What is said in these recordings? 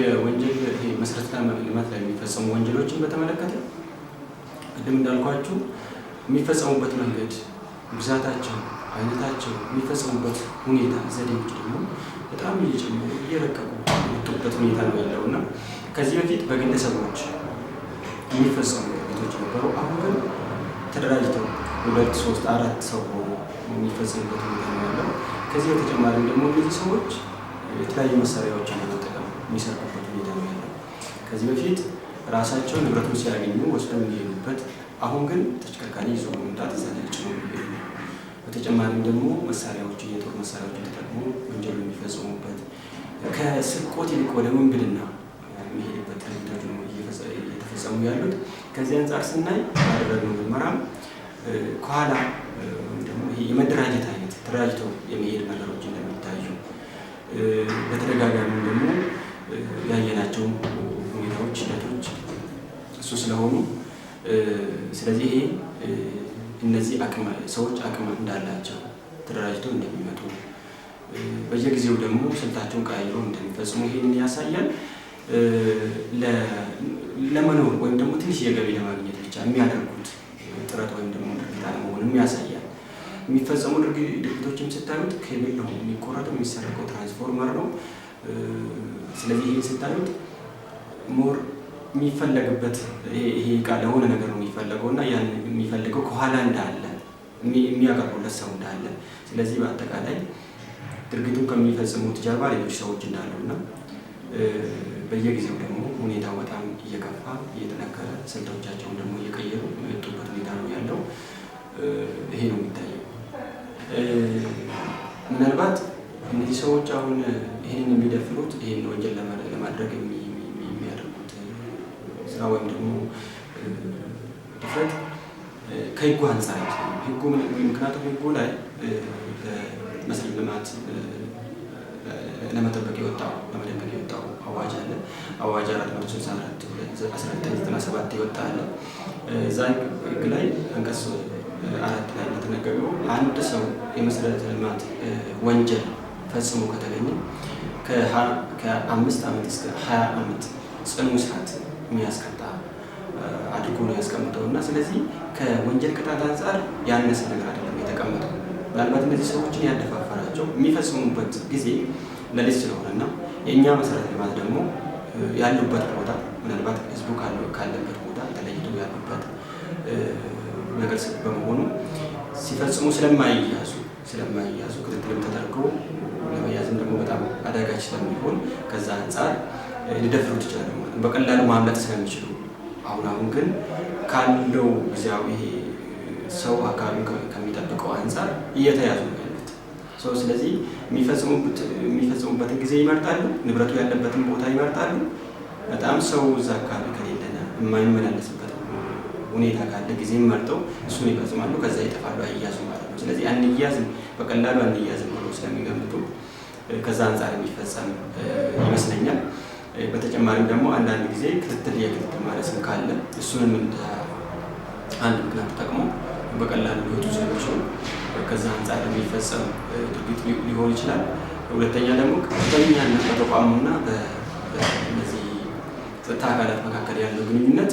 የወንጀል መሰረተ ልማት ላይ የሚፈጸሙ ወንጀሎችን በተመለከተ ቅድም እንዳልኳችሁ የሚፈጸሙበት መንገድ ብዛታቸው፣ አይነታቸው፣ የሚፈጸሙበት ሁኔታ፣ ዘዴዎች ደግሞ በጣም እየጨመሩ እየረቀቁ የመጡበት ሁኔታ ነው ያለው እና ከዚህ በፊት በግለሰቦች የሚፈጸሙ ድርጊቶች ነበሩ። አሁን ግን ተደራጅተው ሁለት ሶስት አራት ሰው የሚፈጸሙበት ሁኔታ ነው ያለው። ከዚህ በተጨማሪም ደግሞ እነዚህ ሰዎች የተለያዩ መሳሪያዎች የሚሰራበት ሁኔታ ነው ያለው። ከዚህ በፊት ራሳቸው ንብረቱን ሲያገኙ ወስደው የሚሄዱበት፣ አሁን ግን ተሽከርካሪ ይዞ መምጣት ዘላጭ ነው። በተጨማሪም ደግሞ መሳሪያዎች የጦር መሳሪያዎች ተጠቅሞ ወንጀሉ የሚፈጽሙበት ከስርቆት ይልቅ ወደ ወንብድና የሚሄድበት ድርጊቶች ነው እየተፈጸሙ ያሉት። ከዚህ አንጻር ስናይ ባደረግነው ምርመራም ከኋላ ደግሞ የመደራጀት አይነት ተደራጅተው የመሄድ ነገሮች እንደሚታዩ በተደጋጋሚ ደግሞ ያየናቸው ሁኔታዎች፣ ሂደቶች እሱ ስለሆኑ ስለዚህ ይሄ እነዚህ ሰዎች አቅም እንዳላቸው ተደራጅተው እንደሚመጡ በየጊዜው ደግሞ ስልታቸውን ቀያይሮ እንደሚፈጽሙ ይሄን ያሳያል። ለመኖር ወይም ደግሞ ትንሽ የገቢ ለማግኘት ብቻ የሚያደርጉት ጥረት ወይም ደግሞ ድርጊት አለመሆንም ያሳያል። የሚፈጸሙ ድርጊቶችም ስታዩት ከቤት ነው የሚቆረጠው፣ የሚሰረቀው ትራንስፎርመር ነው። ስለዚህ ይሄ ስታዩት ሞር የሚፈለግበት ይሄ ቃ ለሆነ ነገር ነው የሚፈለገው እና ያን የሚፈልገው ከኋላ እንዳለ የሚያቀርቡለት ሰው እንዳለ፣ ስለዚህ በአጠቃላይ ድርጊቱ ከሚፈጽሙት ጀርባ ሌሎች ሰዎች እንዳሉ እና በየጊዜው ደግሞ ሁኔታው በጣም እየከፋ እየጠነከረ ስልቶቻቸውን ደግሞ እየቀየሩ የመጡበት ሁኔታ ነው ያለው። ይሄ ነው የሚታየው ምናልባት እነዚህ ሰዎች አሁን ይህንን የሚደፍኑት ይህን ወንጀል ለማድረግ የሚያደርጉት ስራ ወይም ደግሞ ድፍረት ከህጉ አንጻር ህጉ ምክንያቱም ህጉ ላይ መሰረተ ልማት ለመጠበቅ የወጣው ለመደበቅ የወጣው አዋጅ አለ። አዋጅ አራት መቶ ስልሳ አራት አስራ ዘጠኝ ዘጠና ሰባት የወጣ አለ። እዛ ህግ ላይ አንቀጽ አራት ላይ እንደተነገረው አንድ ሰው የመሰረተ ልማት ወንጀል ፈጽሞ ከተገኘ ከአምስት ዓመት እስከ ሀያ ዓመት ጽኑ እስራት የሚያስቀጣ አድርጎ ነው ያስቀምጠው እና ስለዚህ ከወንጀል ቅጣት አንጻር ያነሰ ነገር አይደለም የተቀመጠው። ምናልባት እነዚህ ሰዎችን ያደፋፈራቸው የሚፈጽሙበት ጊዜ ለልጅ ስለሆነ እና የእኛ መሰረተ ልማት ደግሞ ያሉበት ቦታ ምናልባት ህዝቡ ካለበት ቦታ ተለይቶ ያሉበት ነገር በመሆኑ ሲፈጽሙ ስለማይያዙ ስለማያዙ ክትትልም ተደርጎ ለመያዝም ደግሞ በጣም አዳጋች ስለሚሆን ከዛ አንጻር ሊደፍሩት ይችላሉ ማለት ነው። በቀላሉ ማምለጥ ስለሚችሉ አሁን አሁን ግን ካለው ጊዜያዊ ሰው አካባቢውን ከሚጠብቀው አንጻር እየተያዙ ነው ያሉት። ስለዚህ የሚፈጽሙበትን ጊዜ ይመርጣሉ፣ ንብረቱ ያለበትን ቦታ ይመርጣሉ። በጣም ሰው እዛ አካባቢ ከሌለና የማይመላለስበት ሁኔታ ካለ ጊዜ መርጠው እሱን ይፈጽማሉ። ከዛ ይጠፋሉ፣ አይያዙ ማለት ነው። ስለዚህ አንያዝም በቀላሉ አንያዝም ብሎ ስለሚገምቱ ከዛ አንጻር የሚፈጸም ይመስለኛል። በተጨማሪም ደግሞ አንዳንድ ጊዜ ክትትል የክትትል ማለስም ካለ እሱንም እንደ አንድ ምክንያት ተጠቅሞ በቀላሉ ሊወጡ ስለሚችሉ ከዛ አንጻር የሚፈጸም ድርጊት ሊሆን ይችላል። ሁለተኛ ደግሞ ከፍተኛነት በተቋሙና በእነዚህ ጸጥታ አካላት መካከል ያለው ግንኙነት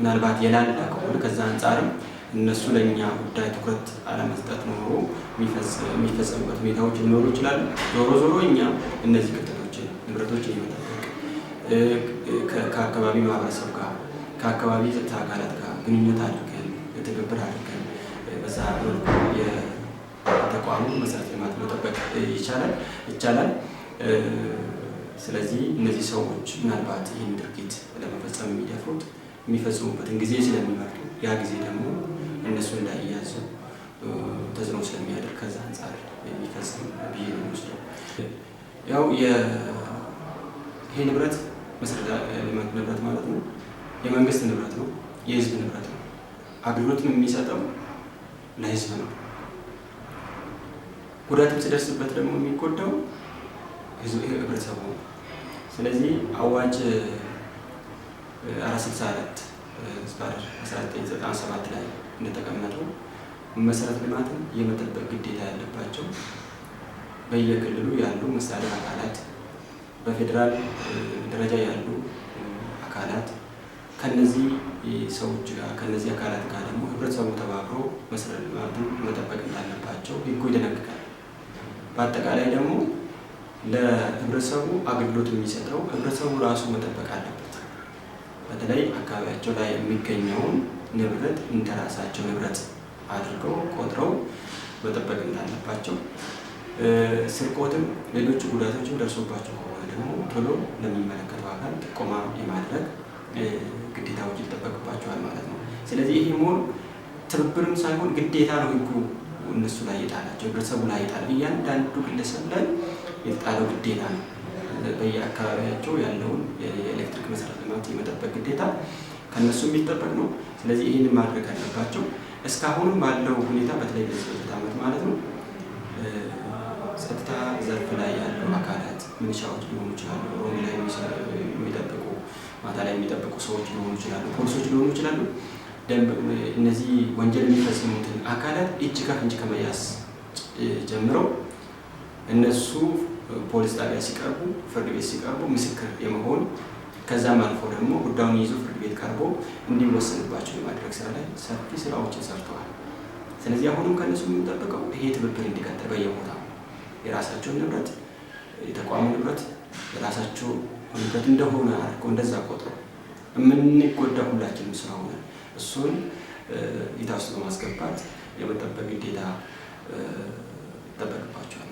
ምናልባት የላላ ከሆነ ከዛ አንጻርም እነሱ ለእኛ ጉዳይ ትኩረት አለመስጠት ኖሮ የሚፈጸሙበት ሁኔታዎች ሊኖሩ ይችላሉ። ዞሮ ዞሮ እኛ እነዚህ ክፍተቶችን፣ ንብረቶች የመጠበቅ ከአካባቢ ማህበረሰብ ጋር ከአካባቢ ጸጥታ አካላት ጋር ግንኙነት አድርገን ትብብር አድርገን በዛ መልኩ የተቋሙ መሰረተ ልማት መጠበቅ ይቻላል ይቻላል። ስለዚህ እነዚህ ሰዎች ምናልባት ይህን ድርጊት ለመፈጸም የሚደፍሩት የሚፈጽሙበትን ጊዜ ስለሚመርጡ ያ ጊዜ ደግሞ ያው ይሄ ንብረት ንብረት ማለት ነው። የመንግስት ንብረት ነው፣ የህዝብ ንብረት ነው። አገልግሎትም የሚሰጠው ለህዝብ ነው። ጉዳትም ሲደርስበት ደግሞ የሚጎዳው ህብረተሰቡ ነው። ስለዚህ አዋጅ 464 ህዝባር 1997 ላይ እንደተቀመጠው መሰረተ ልማትን የመጠበቅ ግዴታ ያለባቸው በየክልሉ ያሉ ምሳሌ አካላት፣ በፌዴራል ደረጃ ያሉ አካላት ከነዚህ ሰዎች ጋር ከነዚህ አካላት ጋር ደግሞ ህብረተሰቡ ተባብሮ መሰረተ ልማቱን መጠበቅ እንዳለባቸው ህጉ ይደነግጋል። በአጠቃላይ ደግሞ ለህብረተሰቡ አገልግሎት የሚሰጠው ህብረተሰቡ ራሱ መጠበቅ አለበት። በተለይ አካባቢያቸው ላይ የሚገኘውን ንብረት እንደራሳቸው ንብረት አድርገው ቆጥረው መጠበቅ እንዳለባቸው ስርቆትም ሌሎች ጉዳቶችም ደርሶባቸው ከሆነ ደግሞ ቶሎ ለሚመለከተው አካል ጥቆማ የማድረግ ግዴታዎች ይጠበቅባቸዋል ማለት ነው። ስለዚህ ይህ መሆን ትብብርም ሳይሆን ግዴታ ነው። ህጉ እነሱ ላይ የጣላቸው ህብረተሰቡ ላይ የጣለ እያንዳንዱ ግለሰብ ላይ የተጣለው ግዴታ ነው። በየአካባቢያቸው ያለውን የኤሌክትሪክ መሰረተ ልማት የመጠበቅ ግዴታ ከነሱ የሚጠበቅ ነው። ስለዚህ ይህንን ማድረግ አለባቸው። እስካሁንም ባለው ሁኔታ በተለይ በዚህ ዓመት ማለት ነው በጸጥታ ዘርፍ ላይ ያሉ አካላት ምንሻዎች ሊሆኑ ይችላሉ፣ ሮሚ ላይ የሚጠብቁ ማታ ላይ የሚጠብቁ ሰዎች ሊሆኑ ይችላሉ፣ ፖሊሶች ሊሆኑ ይችላሉ። እነዚህ ወንጀል የሚፈጽሙትን አካላት እጅ ከፍንጅ ከመያዝ ጀምረው እነሱ ፖሊስ ጣቢያ ሲቀርቡ፣ ፍርድ ቤት ሲቀርቡ ምስክር የመሆን ከዛም አልፎ ደግሞ ጉዳዩን ይዞ ፍርድ ቤት ቀርቦ እንዲወሰንባቸው የማድረግ ስራ ላይ ሰፊ ስራዎችን ሰርተዋል። ስለዚህ አሁንም ከነሱ የምንጠብቀው ይሄ ትብብር እንዲቀጥል በየቦታ የራሳቸውን ንብረት የተቋሙ ንብረት የራሳቸው ንብረት እንደሆነ አድርገው እንደዛ ቆጥሮ የምንጎዳ ሁላችንም ስለሆነ እሱን ጌታ ውስጥ በማስገባት የመጠበቅ ግዴታ ይጠበቅባቸዋል።